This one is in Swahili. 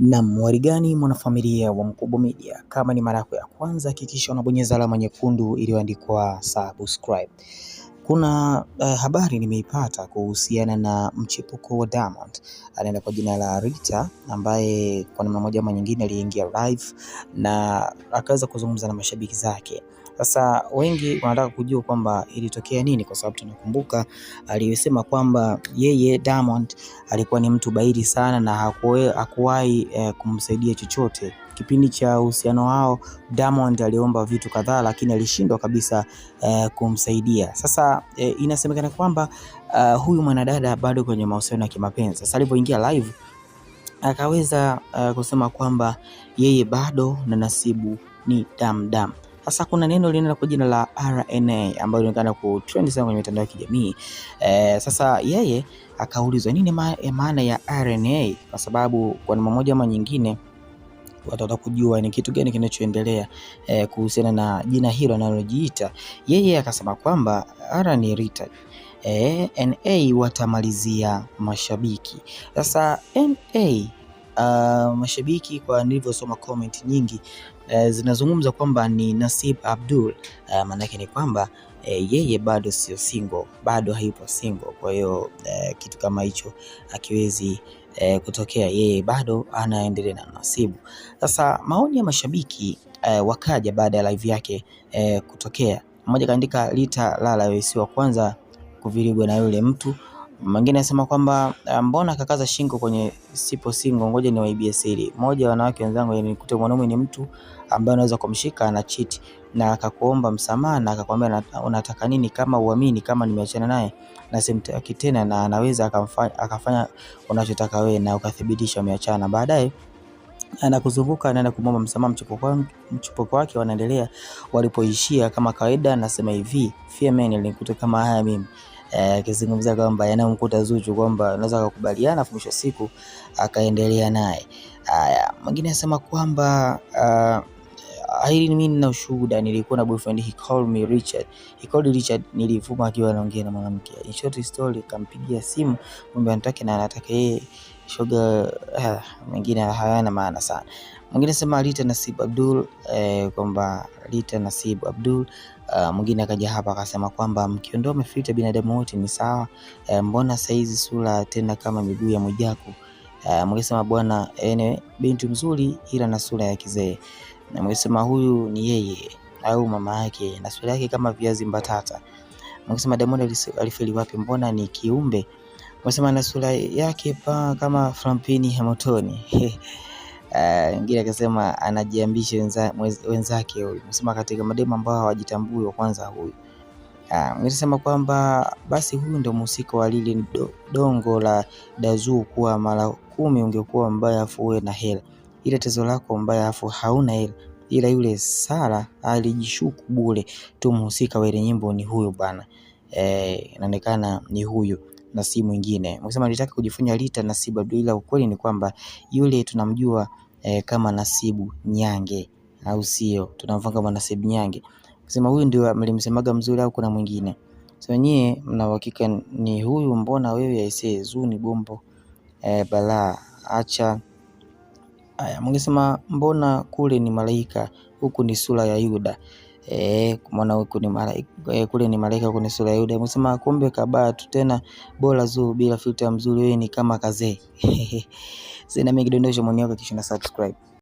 Nam warigani mwanafamilia wa Mkubwa Media, kama ni mara yako ya kwanza hakikisha unabonyeza alama nyekundu iliyoandikwa subscribe. Kuna uh, habari nimeipata kuhusiana na mchepuko wa Diamond anaenda kwa jina la Rita, ambaye kwa namna moja ama nyingine aliingia live na akaweza kuzungumza na mashabiki zake sasa wengi wanataka kujua kwamba ilitokea nini, kwa sababu tunakumbuka aliyesema kwamba yeye Diamond alikuwa ni mtu bairi sana na hakuwahi eh, kumsaidia chochote kipindi cha uhusiano wao Diamond aliomba vitu kadhaa, lakini alishindwa kabisa eh, kumsaidia. Sasa eh, inasemekana kwamba eh, huyu mwanadada bado kwenye mahusiano ya kimapenzi. Sasa alipoingia live akaweza uh, kusema kwamba yeye bado na nasibu ni damdam dam. Sasa kuna neno linaenda kwa jina la RNA ambayo inaonekana trend sana kwenye mitandao ya kijamii e. Sasa yeye akaulizwa nini eh, maana ya RNA, kwa sababu kwa namna moja ama nyingine watata kujua ni kitu gani kinachoendelea e, kuhusiana na jina hilo analojiita yeye. Akasema kwamba R ni Richard NA watamalizia mashabiki. Sasa NA uh, mashabiki kwa nilivyosoma comment nyingi uh, zinazungumza kwamba ni Nasib Abdul uh, maanake ni kwamba E, yeye bado sio single, bado hayupo single. Kwa hiyo e, kitu kama hicho akiwezi e, kutokea, yeye bado anaendelea na Nasibu. Sasa maoni ya mashabiki e, wakaja baada ya live yake e, kutokea. Mmoja kaandika, lita lala wewe si wa kwanza kuvirigwa na yule mtu Mwingine anasema kwamba ah, mbona kakaza shingo kwenye sipo singo, ngoja ni waibie siri moja. Wanawake wenzangu, nikute mwanaume ni mtu ambaye unaweza kumshika na cheat na akakuomba msamaha na akakwambia unataka nini, kama uamini kama nimeachana naye na simtaki tena, na anaweza akamfanya, akafanya unachotaka wewe na ukathibitisha umeachana, baadaye anakuzunguka anaenda kumwomba msamaha, mchupuko wake wanaendelea walipoishia kama kawaida. Nasema hivi, fear mimi nilikuta kama haya mimi Eh, akizungumza kwamba yanayomkuta Zuchu kwamba anaweza akakubaliana mwisho siku akaendelea naye. Haya, mwingine anasema kwamba uh, I didn't mean na ushuhuda, nilikuwa na boyfriend, he called me Richard, he called Richard. Nilivuma akiwa anaongea na mwanamke, in short story, kampigia simu mwambie anataka na anataka yeye shoga. Uh, eh, mwingine hayana maana sana. Mwingine sema Rita Nasib Abdul eh, kwamba Rita Nasib Abdul. Uh, mwingine akaja hapa akasema kwamba mkiondoa mafilter binadamu wote ni sawa. Eh, mbona saizi sura tena kama miguu ya Mwijaku. Uh, mwingine sema bwana, anyway, binti mzuri ila na sura ya kizee na mkisema huyu ni yeye au mama yake na sura yake kama viazi mbatata, mkisema Diamond alifeli wapi? Mbona ni kiumbe? Mkisema na sura yake pa kama Frampini Hamilton eh, mwingine uh, akasema anajiambisha wenza, wenzake huyu. Msema katika mademu ambao hawajitambui wa kwanza huyu. Uh, ah, mlisema kwamba basi huyu ndio mhusika wa lile do, dongo la Dazuu kuwa mara kumi ungekuwa mbaya afuwe na hela ila tezo lako mbaya afu hauna hela, ila yule Sara alijishuku bure tu. Mhusika wa ile nyimbo ni huyo bwana eh, inaonekana ni huyo na si mwingine. Mkisema nilitaka kujifunya lita Nasibu Abdul, ila ukweli ni kwamba yule tunamjua eh, kama Nasibu Nyange, au sio? Tunamfahamu kama Nasibu Nyange. Mkisema huyu ndio mlimsemaga mzuri au kuna mwingine? So nyie mna uhakika ni huyu? Mbona wewe aisee, zuni bombo eh, balaa acha Aya, mngesema mbona kule ni malaika, huku ni sura ya Yuda. E, eh, kumwona huku ni malaika, eh, kule ni malaika, huku ni sura ya Yuda. Mungesema kumbe kabatu tu tena bora zuu bila filter mzuri, wewe ni kama kazee. Sina mimi kidondosho, mwenyewe kisha na subscribe.